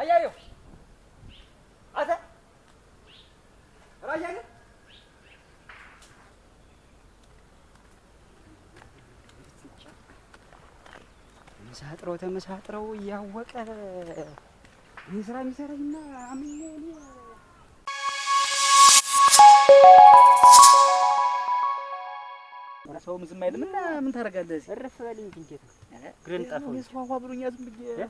አያየው አተ ራያ ግን መሳጥረው ተመሳጥረው እያወቀ ይህ ስራ የሚሰራኝና አምኜ ሰውም ዝም አይልም እና ምን ታደርጋለህ? እረፍ በልኝ እንዴት ነው ግርን ጠፋሁ። ሰዋዋ ብሎኛ ዝም ብዬ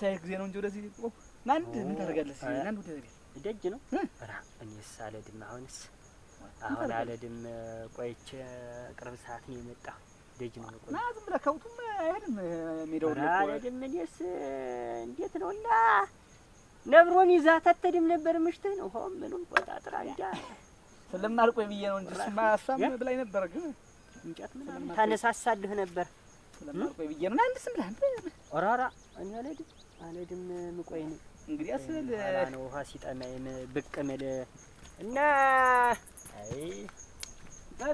ሳይህ ጊዜ ነው እንጂ ወደዚህ ቆም። ማን ምን ታደርጋለህ? አንድ ወደ ደጅ ነው። እኔስ አልሄድም። አሁንስ አሁን አልሄድም። ቆይቼ ቅርብ ሰዓት ነው የመጣሁ። ደጅ ነው ቆይ። ና ዝም ብለህ ከውጡም አይሄድም። ሜዳው ነው አልሄድም። እኔስ እንዴት ነው እና ነብሮን ይዛ ተተድም ነበር ምሽትህ ነው ሆም ምኑን ቆጣጥራ እንጃ ስለማልቆይ ብዬ ነው እንጂ ስማ አሳም ብላኝ ነበር፣ ግን እንጨት ምናምን ታነሳሳልህ ነበር። ስለማልቆይ ብዬ ነው። አንድ ስም ብላ ኧረ ኧረ እኔ አልሄድም አልሄድም ምቆይ ነው እንግዲህ አስል ውሃ ሲጠማኝ ብቅ ምል እና አይ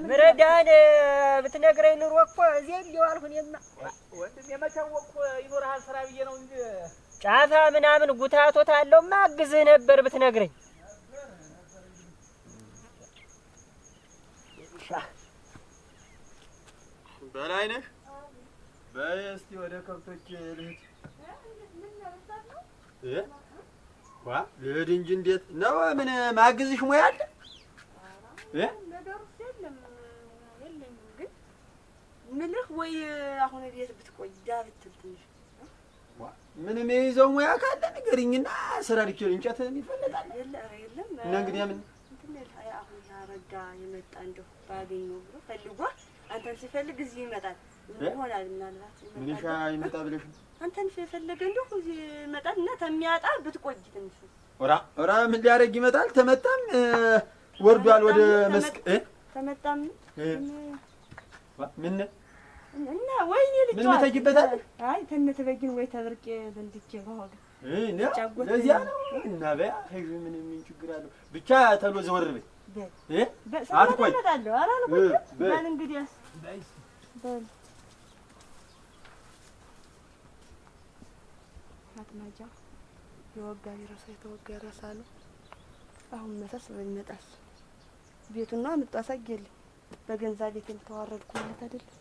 ምረዳን ብትነግረኝ ኑሮ እኮ እዚህ እንዲው አልሁኔማ ወንድም የመቻወቅ ይኖርሃል ስራ ብዬ ነው እንጂ ጫፋ ምናምን ጉታቶት አለውማ አግዝህ ነበር ብትነግረኝ። በላይነህ በይ እስቲ ወደ ከብቶች ልሂድ። ልሂድ እንጂ እንዴት ነው? ምን ማግዝሽ ሙያ አለ? ምልህ ወይ አሁን ቤት ብትቆይ ብትል ትንሽ ምን የሚይዘው ሙያ ካለ ንገሪኝና ስራ ልኬ እንጨት ይፈልጋል። የለም እና እንግዲህ ምን አሁን ያረጋ የመጣ እንደው ባገኘው ብሎ ፈልጓ አንተን ሲፈልግ እዚህ ይመጣል። ይሆናል ምናልባት ሚሊሻ ይመጣ ብለሽ ነው የፈለገ እንዲሁ እዚህ ይመጣል እና ተሚያጣ ብትቆይ ትንሽ ራ ራ ምን ሊያደርግ ይመጣል። ተመጣም ወርዷል ወደ መስክ ተመጣም ምን እና ወይኔ ልጅ ምን ተጅበታል። አይ ተነት በጊን ወይ ተብርቄ በልጅ ይሆን ለዚያ ነው እና በያ ህግ ምን ምን ችግር አለው ብቻ ተሎ ዘወር በይ አትቆይ አላልኩ ባል እንግዲህ በል መጃ የወጋ ቢረሳ የተወጋ ይረሳሉ። አሁን መሳስ በሚመጣስ ቤቱና ምጡ አሳየልኝ በገንዛ ቤት ተዋረድኩ ማለት አይደለም።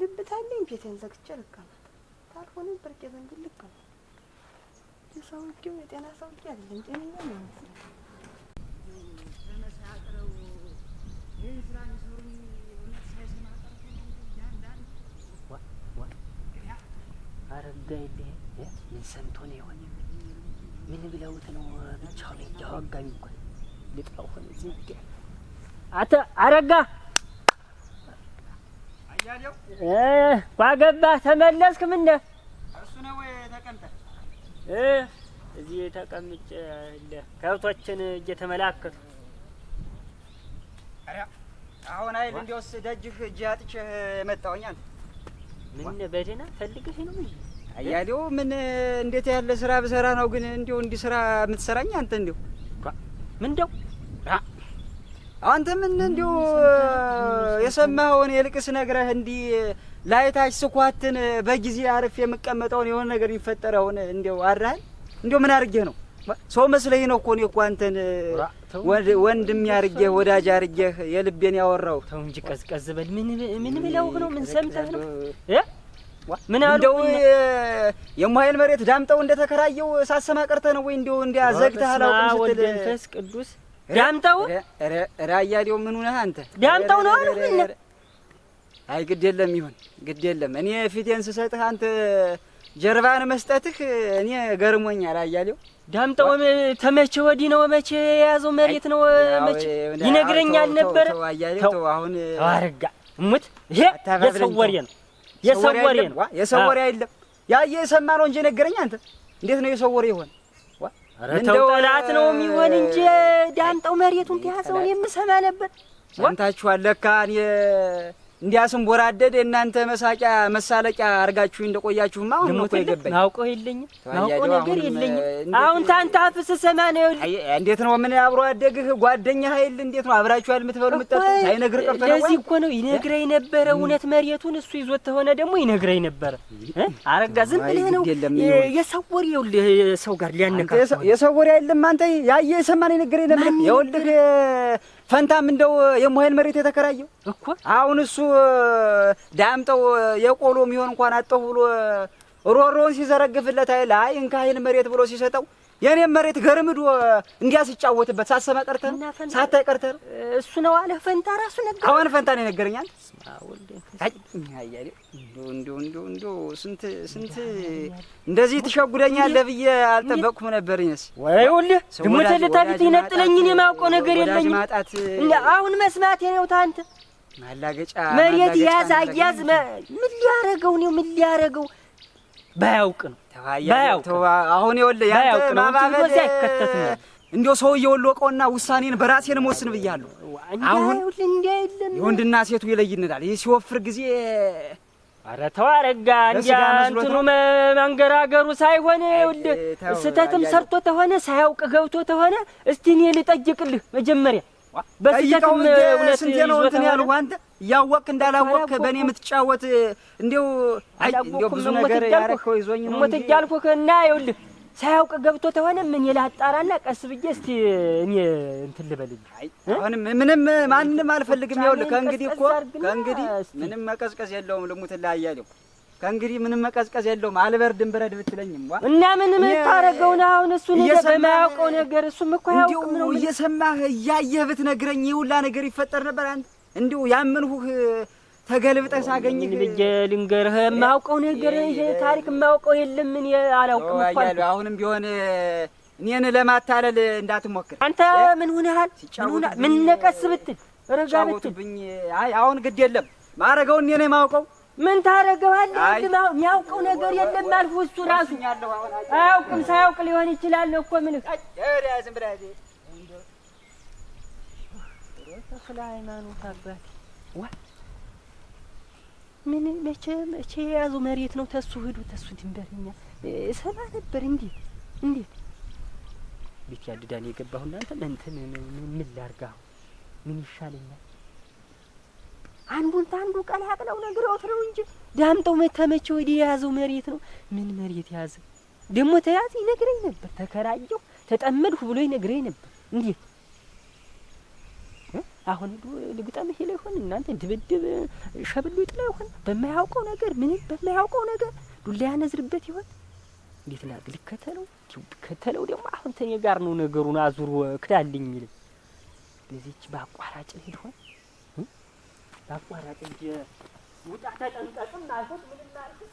ልብታለኝ ቤቴን ዘግቼ ልቀመጥ ካልሆነም ብርቄ ዘንድ ልቀመጥ። የሰው እጅ የጤና ሰው እጅ አይደለም ጤነኛ ነው። ይጋየል ምን ሰምቶ ነው ይሆን? ምን ብለውት ነው? ብቻውን እያው አጋቢ እኮ ልጥራው ሆነ ዝግ አተ አረጋ አያሌው እ ጓገባህ ተመለስክ? ምን እሱ ነው ወይ እ እዚህ ተቀምጬ ከብቶችን እየተመላከቱ አሁን አይል እንዲያውስ ደጅህ እጅ አጥቼህ መጣሁኝ። ምን በደህና ፈልገህ ነው? አያሌው ምን እንዴት ያለ ስራ ብሰራ ነው ግን እንዲሁ እንዲህ ስራ የምትሰራኝ አንተ? እንዲሁ ምንደው አንተ ምን እንዲሁ የሰማኸውን የልቅስ ነግረህ እንዲህ ላይታች ስኳትን በጊዜ አርፍ የምቀመጠውን የሆነ ነገር የሚፈጠረውን እንዲው አድራህል እንዲሁ ምን አድርጌህ ነው ሰው መስለኝ ነው እኮ እኔ እኮ አንተን ወንድም ያርጌህ ወዳጅ አርጌህ የልቤን ያወራው ተው እንጂ ቀዝቀዝ በል ምን ምን ብለውህ ነው ምን ሰምተህ ነው ምን እንደው የሙሀይል መሬት ዳምጠው እንደተከራየው ሳሰማ ቀርተህ ነው ወይ? እንደው እንደ ዘግተህ አላውቅም ስትል መንፈስ ቅዱስ ዳምጠው አንተ ዳምጠው ነው አሉ። ምን አይ ግድ የለም ይሁን ግድ የለም። እኔ ፊቴን ስሰጥህ አንተ ጀርባን መስጠትህ እኔ ገርሞኛል። አያሌው ዳምጠው ተመቼ ወዲህ ነው መቼ የያዘው መሬት ነው መቼ ይነግረኛል ነበር። ተው አሁን አርጋ ሙት ይሄ የሰው ወሬ ነው። የሰው ወሬ ነው። የሰው ወሬ አይደለም። ያ የሰማ ነው እንጂ ነገረኝ። አንተ እንዴት ነው የሰው ወሬ ይሆን? ኧረ ጠላት ነው የሚሆን እንጂ ዳምጠው መሬቱን ተያዘውን የምሰማ ነበር። ሰምታችኋል ለካ እኔ እንዲያስም ወራደድ እናንተ መሳቂያ መሳለቂያ አርጋችሁ እንደቆያችሁማ አሁን ነው የገባኝ። ናውቆ ይልኝ ናውቆ ነገር ይልኝ አሁን ታንተ አፍ ስሰማ ነው። እንዴት ነው ምን አብሮ አደግህ ጓደኛ ኃይል እንዴት ነው አብራችኋል የምትበሉ የምትጠጡ ሳይነግር ቀርቶ ነው? ለዚህ እኮ ነው ይነግረኝ ነበረ። እውነት መሬቱን እሱ ይዞት ተሆነ ደግሞ ይነግረኝ ነበረ። አረጋ ዝም ብለህ ነው የሰው ወሬ ይኸውልህ፣ ሰው ጋር ሊያነካ የሰው ወሬ አይደለም አንተ ያየ የሰማን የነገረኝ ለምን ይኸውልህ ፈንታም እንደው የሞሄል መሬት የተከራየው እኮ አሁን እሱ ዳምጠው የቆሎ የሚሆን እንኳን አጠው ብሎ ሮሮን ሲዘረግፍለት አይል አይ እንካ ይህን መሬት ብሎ ሲሰጠው የኔም መሬት ገርምዶ እንዲያ ሲጫወትበት ሳሰማ ቀርተ ነው ሳታይ ቀርተህ ነው እሱ ነው አለ ፈንታ ራሱ ነገር አሁን ፈንታ ነው ነገርኛል አይ ይነገረኛል። እንዲሁ እንዲሁ እንዲሁ ስንት ስንት እንደዚህ ትሸጉደኛለህ ብዬ አልጠበቅኩም ነበር። ይነስ ወይ ይኸውልህ ድሞተ ልታፊት ይነጥለኝ የማውቀው ነገር የለኝም። አሁን መስማቴ ነው። ታንተ ማላገጫ መሬት ያዝ አያዝ ምን ሊያረገው ነው? ምን ሊያረገው ባያውቅ ነው አሁን ይኸውልህ ያንተ ማባበል እንዲያው ሰውዬው ውሳኔን በራሴን መወስን ብያለሁ። አሁን የወንድና ሴቱ ይለይንላል። ይህ ሲወፍር ጊዜ ኧረ ተው አረጋ እንዲያ እንትኑ መንገራገሩ ሳይሆን ይኸውልህ ስህተትም ሰርቶ ተሆነ ሳያውቅ ገብቶ ተሆነ እስቲ እኔ ልጠይቅልህ መጀመሪያ በስህተትም እውነት ነው እንትን ያልኩህ አንተ እያወቅህ እንዳላወቅ በእኔ የምትጫወት እንዲው ብዙ ነገር ሞት እያልኩህ እና ይውልህ ሳያውቅ ገብቶ ተሆነ ምን ይላጣራና ቀስ ብዬ እስቲ እኔ እንትን ልበልኝ። አሁንም ምንም ማንም አልፈልግም። ይኸውልህ ከእንግዲህ እኮ ከእንግዲህ ምንም መቀዝቀዝ የለውም። ልሙት ላያያለው ከእንግዲህ ምንም መቀዝቀዝ የለውም። አልበርድም ብረድ ብትለኝም ዋ እና ምንም የምታረገው ነው አሁን? እሱ በማያውቀው ነገር እሱም እኮ ያውቅ ነው። እየሰማህ እያየህ ብትነግረኝ ይህ ነገር ይፈጠር ነበር። አንተ እንዲሁ ያመንሁህ ተገልብጠህ ሳገኝህ ልጄ ልንገርህ፣ የማያውቀው ነገር ይሄ ታሪክ የማያውቀው የለም። እኔ አላውቅም እኮ አሁንም ቢሆን እኔን ለማታለል እንዳትሞክር። አንተ ምን ሆነሃል? ምን ነቀስ ብትል ረጋ ብትል፣ አይ አሁን ግድ የለም ማረገው እኔ ነው የማውቀው። ምን ታረገዋለህ? የሚያውቀው ነገር የለም አልሁ። እሱ ራሱ አያውቅም። ሳያውቅ ሊሆን ይችላል እኮ ምልህ ተክለ ሃይማኖት አባቴ ምን መቼ መቼ የያዙ መሬት ነው? ተሱ ሂዱ ተሱ ድንበርኛ ሰላ ነበር። እንዴት እንዴት ቤት ያድዳን የገባሁ እናንተ እንትን ምን ላርጋ? ምን ይሻለኛል? አንዱን ታንዱ ቀላቅለው ነግረውት ነው እንጂ ዳምጠው መተመቼ ወደ የያዘው መሬት ነው። ምን መሬት ያዘ ደግሞ? ተያዘ ይነግረኝ ነበር። ተከራየሁ ተጠመድሁ ብሎ ይነግረኝ ነበር። እንዴት አሁን ልግጠም ሄለ ላይ ይሆን እናንተ ድብድብ ሸብሎ ይጥላ ይሆን በማያውቀው ነገር ምንም በማያውቀው ነገር ዱላ ያነዝርበት ይሆን እንዴት ላግ ልከተለው ከተለው ደግሞ አሁን ተኔ ጋር ነው ነገሩን አዙሮ ክዳልኝ የሚለኝ በዚች በአቋራጭ ልሄድ ይሆን በአቋራጭ እንጂ ውጣ ተጠንቀቅም አልኩት ምንም አልኩት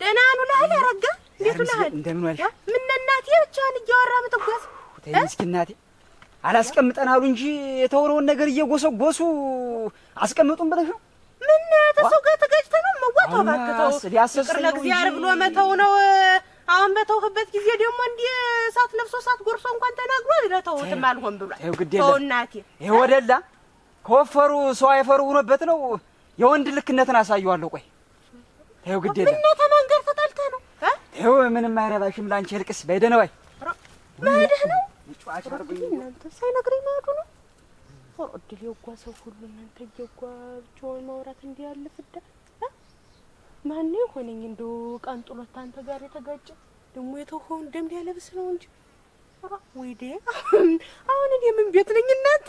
ደህና ነው ልህል ያረጋ እንዴት ልህል እንደምን ዋልሽ? ምነው እናቴ ብቻህን እያወራ ብትጓዝ ምስኪን እናቴ አላስቀምጠን አሉ እንጂ የተውረውን ነገር እየጎሰጎሱ አስቀምጡን ብለሽ ነው? ምን ተሰው ጋር ተጋጭተህ ነው መዋተው? እባክህ ተው፣ ይቅር ለእግዚአብሔር ብሎ መተው ነው። አሁን በተውህበት ጊዜ ደግሞ እንዲህ እሳት ለብሶ እሳት ጎርሶ እንኳን ተናግሮ ለተውትም አልሆን ብሏል። ተው እናቴ፣ ይህ ወደላ ከወፈሩ ሰው አይፈሩ ሆኖበት ነው የወንድ ልክነትን አሳየዋለሁ። ቆይ ተይው፣ ግድ የለም ምነው ተማን ጋር ነው? ተይው፣ ምንም አይረባሽም። ልቅስ በይደነዋይ መሄድህ ነው። እናንተ ሳይነግረኝ መሄዱ ነው። እድል የጓ ሰው ሁሉ እናንተ እየጓ ብቻውን ማውራት እንዲህ ያለ ፍዳ ማን የሆነኝ እንዶ ጋር የተጋጨ ደግሞ የተሆን ደም ሊያለብስ ነው እንጂ አሁን እኔ ምን ቤት ነኝ እናንተ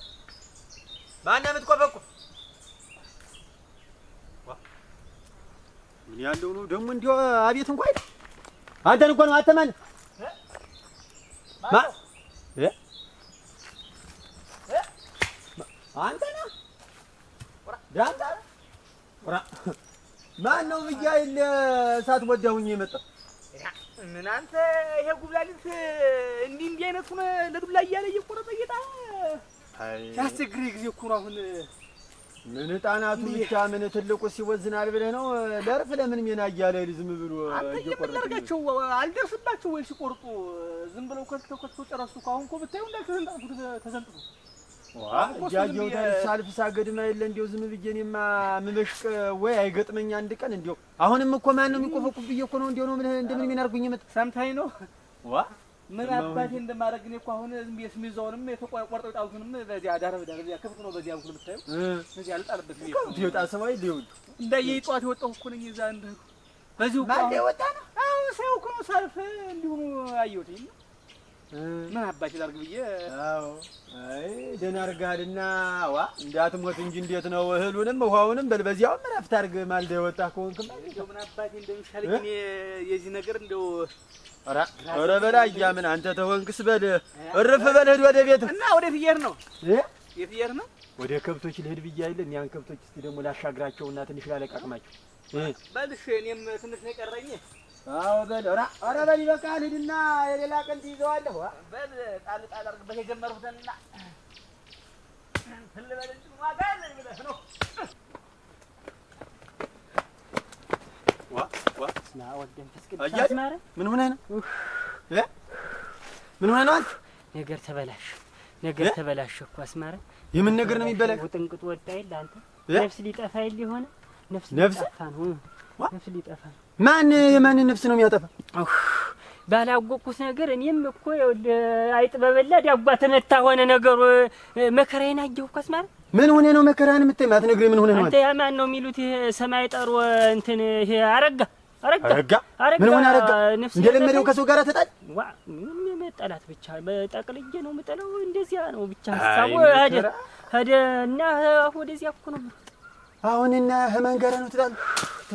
ማነው የምትቆፈቁፍ? ምን ያለው ነው ደግሞ እንዲያው አቤት እንኳን አንተን እኮ ነው አተመን ማን ነው ብያ ይል እሳት ወዳሁኝ የመጣው ምን አንተ ይሄ ጉብላሊት እንዲህ እንዲህ አይነቱን ለዱላ እያለ እየቆረጠ እየጣ ያስቸግር ጊዜ እኮ ነው አሁን። ምን ጣናቱ ብቻ ምን ትልቁ ሲወዝናል ብለህ ነው? ለእርፍ ለምን ሜና እያለ ዝም ብሎ እየቆረጠቸው አልደርስባቸው ወይ ሲቆርጡ ዝም ብለው ከልተው ከልተው ጨረሱ። አሁን እኮ ብታዩ እንዳልከው ተንጣጡ ተዘንጥጡ እያየሁት ሳልፍ ሳገድማ የለ እንዲያው ዝም ብዬ እኔማ መመሽቅ ወይ አይገጥመኝ አንድ ቀን እንዲያው። አሁንም እኮ ማን ነው የሚቆፈቁፍ ብዬ እኮ ነው እንዲያው ነው ምን እንደምን ሜና አድርጉኝ የምት ሰምተኸኝ ነው ዋ ምን አባቴ እንደማደርግ እኔ እኮ አሁን የጣሉትንም በዚያ ዳረብ ዳረብ ያ ክፍት ነው። በዚያ በኩል የምታየው እዚህ አልጣለበትም። ይሄ ሰማይ ሊውል እንዳየ የጠዋት የወጣሁ እኮ ነኝ። እዛ በዚሁ ማን የወጣ ነው? አሁን ሰው እኮ ነው። ሰልፍ እንዲሁ ነው ምን አባቴ ላድርግ ብዬ አዎ፣ አይ ደህና አድርጋልና ዋ እንዳትሞት እንጂ እንዴት ነው? እህሉንም ውሃውንም በል በዚያውም እረፍት አድርግ። ወጣ የወጣህ ከሆንክማ እንደው ምን አባቴ እንደሚሻለኝ ግን የዚህ ነገር እንደው ኧረ ኧረ በላያ ምን አንተ ተሆንክስ በል እርፍ በል ሂድ ወደ ቤት እና ወደ ፍየር ነው የፍየር ነው ወደ ከብቶች ልሂድ ብዬ አይደል? እኒያን ከብቶች እስቲ ደግሞ ላሻግራቸውና ትንሽ ላለቃቅማቸው በልሽ እኔም ትንሽ ነው የቀረኝ አዎ በል ኧረ ኧረ በል ይበቃል። ሂድና የሌላ ቀን ትይዘዋለሁ። በል ጣል ጣል አድርግበት የጀመርኩትንና ነው። ምን ሆነህ ነው? ምን ሆነህ ነው? ነገር ተበላሽ፣ ነገር ተበላሽ እኮ አስማረ። የምን ነገር ነው የሚበላሽ? ውጥንቅጡ ወጣ የለ አንተ ነፍስ ሊጠፋ የለ የሆነ ነፍስ ሊጠፋ ነው፣ ነፍስ ሊጠፋ ነው ማን የማንን ነፍስ ነው የሚያጠፋ? ባላወቅኩት ነገር እኔም እኮ አይጥበበላ ዳጓ ተመታ ሆነ ነገሩ። መከራዬን አየሁ እኮ አስማረ። ምን ሆነ ነው መከራን የምታይ? ማትነግረኝ ምን ሆነ ነው? አንተ ያ ማን ነው የሚሉት? ሰማይ ጠሩ እንትን ይሄ አረጋ አረጋ ምን ሆነ አረጋ? እንደለመደው ከሰው ጋር ተጣል። ምን መጠላት ብቻ ጠቅልዬ ነው የምጠለው። እንደዚያ ነው ብቻ ሳው አደ አደ እና አሁን ወደዚያ እኮ ነው። አሁን እና ህመን ጋር ነው ትጣል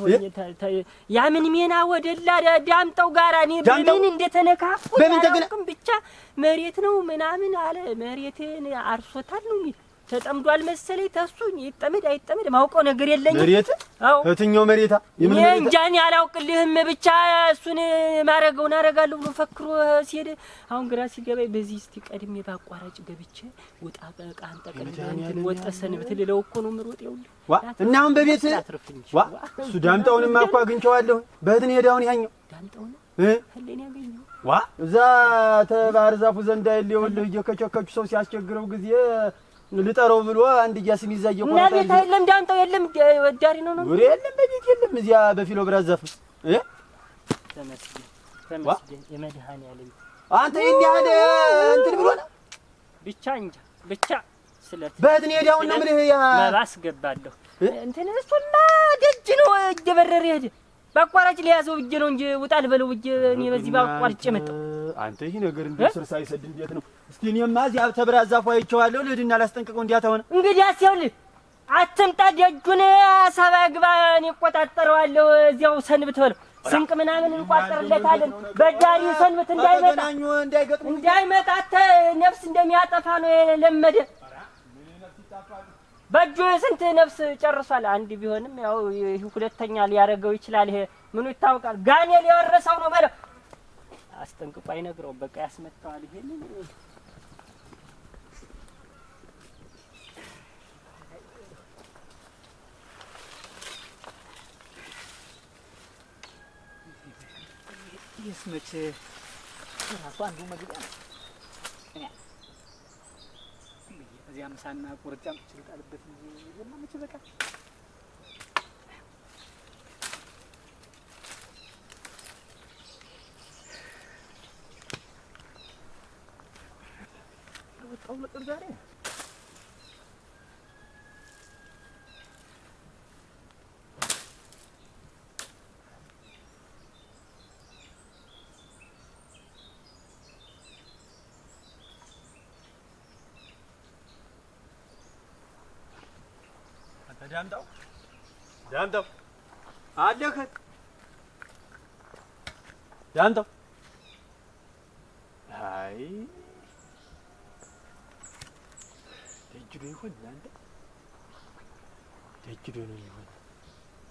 አትሆኝ ያምን ሜና ወደላ ዳምጠው ጋራ እኔ በምን እንደተነካኩ ብቻ መሬት ነው ምናምን አለ። መሬቴን አርሶታል ነው የሚል ተጠምዷል መሰለኝ። ተሱኝ ይጠመድ አይጠመድ ማውቀው ነገር የለኝም። መሬት አው እትኛው መሬታ ይምን እንጃን አላውቅልህም። ብቻ እሱን ማረገውን አረጋለሁ ብሎ ፈክሮ ሲሄድ አሁን ግራ ሲገባኝ፣ በዚህ እስቲ ቀድሜ ባቋራጭ ገብቼ ወጣ በቃ አንጠቀልልን ወጠሰን ብትልለው እኮ ነው ምሮጥ ይውል ዋ እና አሁን በቤት ዋ እሱ ዳምጣውንም አኳ አግኝቼዋለሁ። በህትን ሄዳውን ያኛው ዳምጣውን እ ህሌን ያገኘው ዋ እዛ ተባህር ዛፉ ዘንዳ ይልየውልህ እየከቸከቹ ሰው ሲያስቸግረው ጊዜ ልጠረው ብሎ አንድ እያስን ይዛ እየቆረጠ ነው። ቤት አይደለም ዳንጠው የለም ወዳሪ ነው ነው ወሬ የለም በቤት የለም። እዚያ በፊሎ ብራ ዛፍ እ ተመስገን ተመስገን የመድኃኒዓለም አንተ ይሄን ያህል እንትን ብሎ ነው ብቻ እንጃ ብቻ ስለት በእድን ሄዳው ነው ምን ያ መባስ ገባለሁ እንትን እሱማ ደጅ ነው እየበረረ ሄደ። በአቋራጭ ሊያዘው ብዬ ነው እንጂ ውጣ ልበለው ብዬ እኔ በዚህ በአቋራጭ መጣሁ። አንተ ይህ ነገር እንዴ ስር ሳይሰድ እንዴት ነው? እስቲ እኔማ እዚህ አብተብራ ዛፉ አይቼዋለሁ። ልሂድና ላስጠንቅቀው። እንዲያ ተሆነ እንግዲህ አስይውልህ አትምጣ። ደጁን አሳባ ግባ፣ እኔ እቆጣጠረዋለሁ። እዚያው ሰንብት በለው። ስንቅ ምናምን እንቋጠርለታለን። በዳሪ ሰንብት እንዳይመጣ እንዳይመጣ። ነፍስ እንደሚያጠፋ ነው የለመደ። በእጁ ስንት ነፍስ ጨርሷል። አንድ ቢሆንም ያው ሁለተኛ ሊያደርገው ይችላል። ይሄ ምኑ ይታወቃል። ጋኔል የወረሰው ነው በለው አስጠንቅቆ አይነግረውም። በቃ ያስመጣዋል። ይሄን ይህስ መቼ ራሱ አንዱ መግቢያ ነው። እዚያ ምሳና ቁርጫም ችልጣልበት የማመች በቃ Oh, look what that is. જામ દઉં ይሆን እናንተ? ደጅ ዶኖ ይሆን?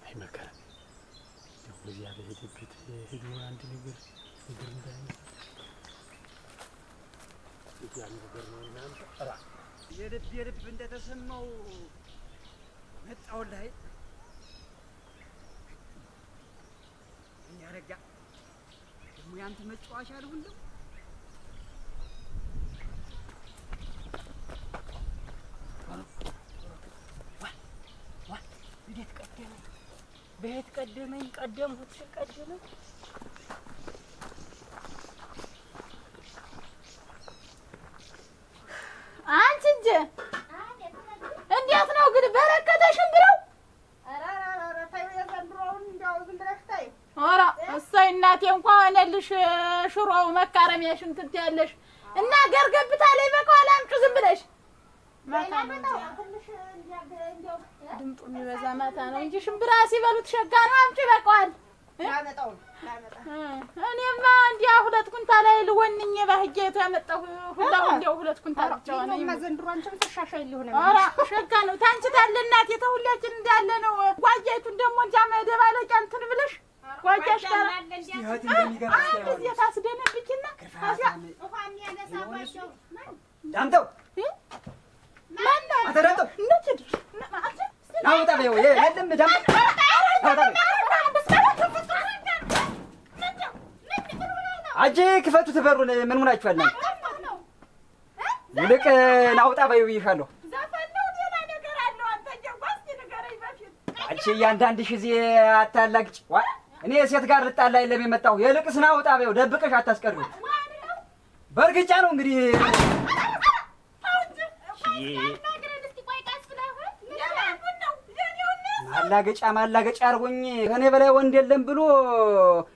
አይ መከራ ደግሞ እዚያ በሄደበት ሄዶ አንድ ነገር ነገር እንዳይ ነገር ነው እናንተ ራ የልብ የልብ እንደተሰማው መጣው ላይ እኛ ረጋ ደግሞ ያንተ መጫወቻ አልሁን ደግሞ ቀደመኝ ቀደምሁትሽን ቀደመኝ አንቺ እንጂ እንዴት ነው ግን በረከተ ሽምብረው? ኧረ እሰይ እናቴ እንኳን ሆነልሽ። ሽሮው መካረሚያሽን ያለሽ እና ገርገብታ ላይ በኋላ አምጪው ዝም ብለሽ ድምጡ የሚበዛ ማታ ነው እንጂ ሽምብራ ሲበሉት ሸጋ ነው። አምጪ ይበቃዋል። እኔማ እንዲያው ሁለት ኩንታል ላይ ልወንኝ ባህጌቱ ያመጣሁ ሁላሁ እንዲያው ሁለት ኩንታል ብቻ ነው። ሆነ። ዘንድሮ አንቺም ተሻሻይ ሊሆነ ሸጋ ነው። ታንቺ ታለ እናቴ ተሁላችን እንዳለ ነው። ጓያይቱን ደግሞ እንጃ መደባለቂያ እንትን ብለሽ ጓጃሽ ጋር አንድ ጊዜ ታስደነብኪና ዳምጠው ማነው አተዳምጠው እንደት ሄድሽ? አውጣ በይው የለም ደም አጂ ክፈቱት በሩን ምን ሆናችኋል አውጣ በይው ይሻለሁ እያንዳንድሽ እዚህ አታላግጭ እኔ ሴት ጋር ልጣላ የለም የመጣሁ አውጣ በይው ደብቀሽ አታስቀርቢው በእርግጫ ነው እንግዲህ ማላገጫ ማላገጫ አርጎኝ ከኔ በላይ ወንድ የለም ብሎ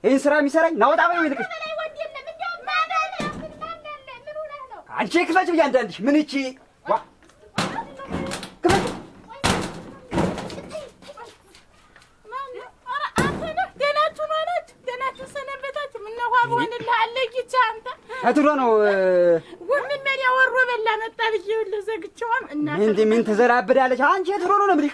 ይህን ስራ የሚሰራኝ ናወጣ በለው ይልቅ አንቺ ክፈች ብዬ ምን ይቺ አትሎ ነው ወምን መሪያ ወሮ በላ መጣ ብዬ ሁሉ ዘግቼዋም። እናንተ ምን ትዘላብዳለች አንቺ? የት ነው ነው የምልሽ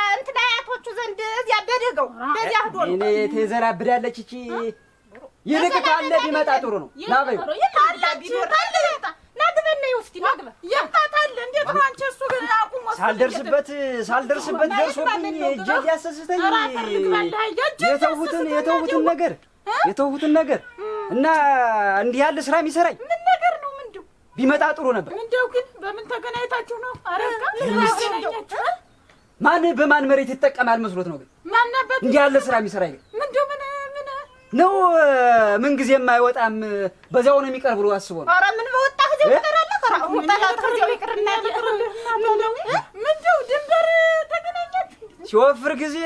እናቶቹ ዘንድ እዚያ በደገው በዚያ ህዶ ነው ተዘራብዳለች። እቺ ይልቅ ካለ ቢመጣ ጥሩ ነው። ናበዩ ሳልደርስበት ሳልደርስበት ደርሶብኝ እጄ ሊያሰስተኝ የተውሁትን ነገር የተውሁትን ነገር እና እንዲህ ያለ ስራ የሚሰራኝ ምን ነገር ነው? ምንድን ቢመጣ ጥሩ ነበር። እንደው ግን በምን ተገናኝታችሁ ነው? አረጋ ማን በማን መሬት ይጠቀማል መስሎት ነው? ግን ማን ማናበት እንዲህ ያለ ስራ የሚሰራ ይል ምን ምን ምን ነው ምን ጊዜ የማይወጣም በዚያው ነው የሚቀር ብሎ አስቦ ነው። ኧረ ምን በወጣ ጊዜ ወጣራለ ኧረ ወጣላ ከዚህ ይቀርና ምን ነው ድንበር ተገናኘት ሲወፍር ጊዜ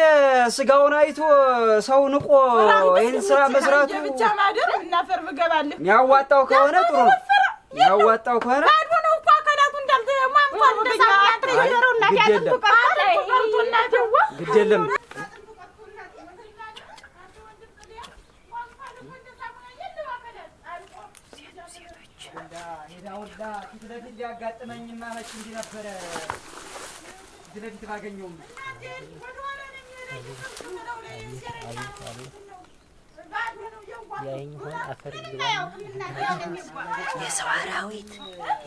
ስጋውን አይቶ ሰው ንቆ ይህን ስራ መስራቱ ብቻ ማደር እና ፈርብ ገባለህ የሚያዋጣው ከሆነ ጥሩ ነው። የሚያዋጣው ከሆነ ባዶ ነው እኮ አካላቱ እንዳልተሟምቷል እንደዛ ያጥረው እናት ያጥቁ ቀርታ ግድ የለም ፊት ለፊት ሊያጋጥመኝማ መች እንዲህ ነበረ። ፊት ለፊት ባገኘውም ያይኝሆን አፈር የሰው አራዊት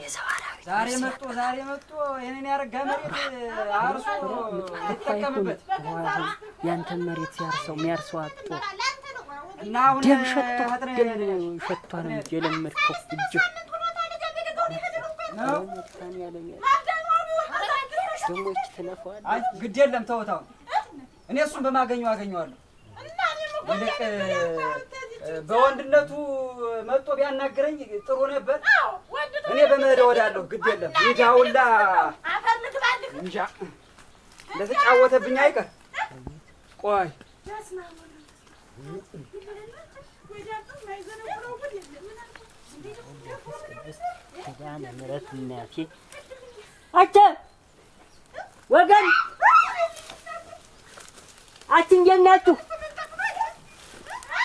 የሰው አራዊት ዛሬ መጥቶ ዛሬ መጥቶ ይህንን ያረጋ መሬት አርሶ ይጠቀምበት። ያንተን መሬት ያርሰው የሚያርሰው አጥቶ እና አሁን ደም ሸቶ ደም ሸቷ ነው እንጂ የለመድከው እጅ ደሞች ግድ የለም ተወታው እኔ እሱን በማገኘው አገኘዋለሁ። ይልቅ በወንድነቱ መጥቶ ቢያናግረኝ ጥሩ ነበር። እኔ በመሄድ እወዳለሁ። ግድ የለም እንጃ እንደተጫወተብኝ አይቀር ቆይ ምረት ወገን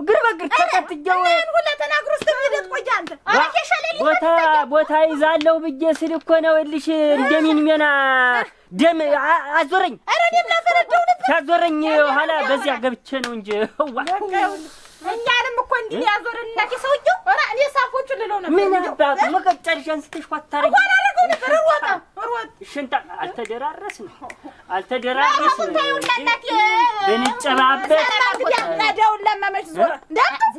እግር በእግር ተከትየው ሁላ ተናግሮ እስከ ሂደት ቆይ አንተ ቦታ ቦታ ይዛለሁ ብዬ ስል እኮ ነው እልሽ እንደሚን ሜና ደም አዞረኝ ሲያዞረኝ ኋላ በዚያ ገብቼ ነው እንጂ እኛንም እኮ እንዲህ ያዞረን እናቴ ሰውዬው ኧረ እኔ ሳፎቹ ልለው ነበር ምን አባቱ አንስተሽ ያብላዳውን ለመመች ዞረ